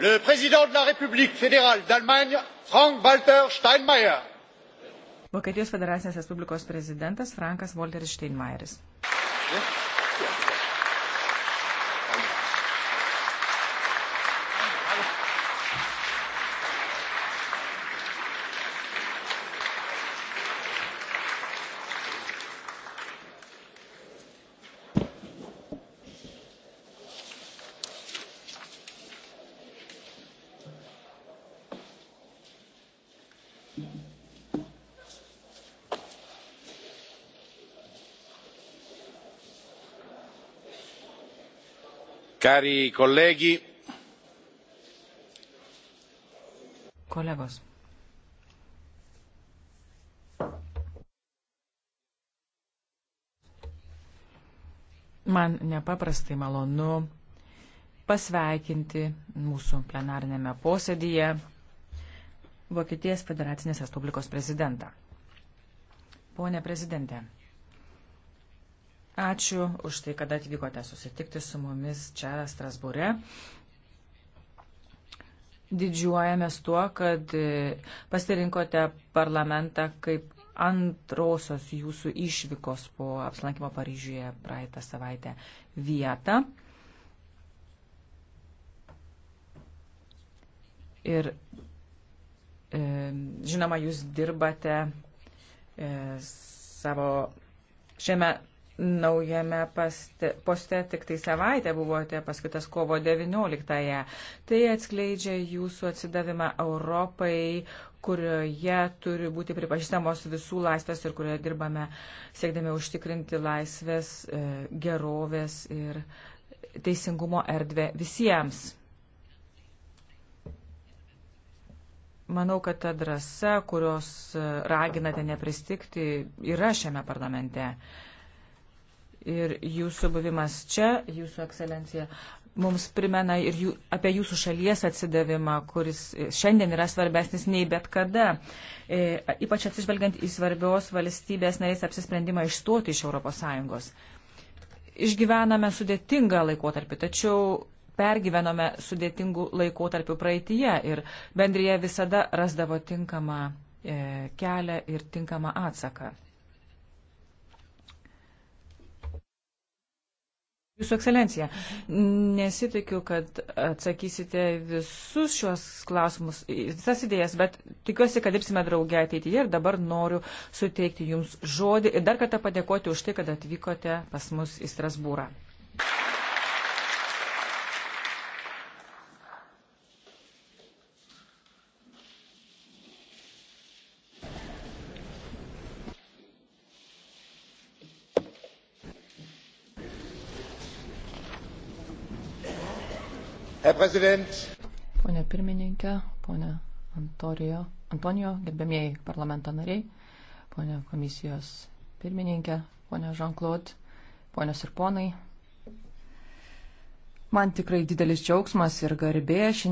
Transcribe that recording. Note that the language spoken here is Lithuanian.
le président de la République fédérale d'Allemagne, Frank-Walter Steinmeier. Vokietijos federacinės respublikos prezidentas Frankas Volteris Steinmeieris. Yeah. Cari colleghi. Kolegos. Man nepaprastai malonu pasveikinti mūsų plenarinėme posėdyje Vokietijos Federacinės Respublikos prezidentą. Pone prezidente. Ačiū už tai, kad atvykote susitikti su mumis čia Strasbūre. Didžiuojamės tuo, kad e, pasirinkote parlamentą kaip antrosios jūsų išvykos po apsilankimo Paryžiuje praeitą savaitę vietą. Ir e, žinoma, jūs dirbate e, savo šiame naujame paste, poste tik tai savaitę buvote paskaitas kovo 19-ąją. Tai atskleidžia jūsų atsidavimą Europai, kurioje turi būti pripažįstamos visų laisvės ir kurioje dirbame siekdami užtikrinti laisvės, e, gerovės ir teisingumo erdvę visiems. Manau, kad ta drąsa, kurios e, raginate nepristikti, yra šiame parlamente ir jūsų buvimas čia, jūsų ekscelencija, mums primena ir jų, apie jūsų šalies atsidavimą, kuris šiandien yra svarbesnis nei bet kada, e, ypač atsižvelgiant į svarbios valstybės narės apsisprendimą išstoti iš ES. Išgyvename sudėtingą laikotarpį, tačiau pergyvenome sudėtingų laikotarpių praeitie ir bendrėje visada rasdavo tinkamą e, kelią ir tinkamą atsaką. Jūsų ekscelencija, nesitikiu, kad atsakysite visus šios klausimus, visas idėjas, bet tikiuosi, kad dirbsime draugę ateityje ir dabar noriu suteikti Jums žodį ir dar kartą padėkoti už tai, kad atvykote pas mus į Strasbūrą. Pone pirmininkė, pone Antorijo, Antonijo, gerbėmieji parlamento nariai, pone komisijos pirmininkė, pone Jean-Claude, ponios ir ponai. Man tikrai didelis džiaugsmas ir garbė šiandien.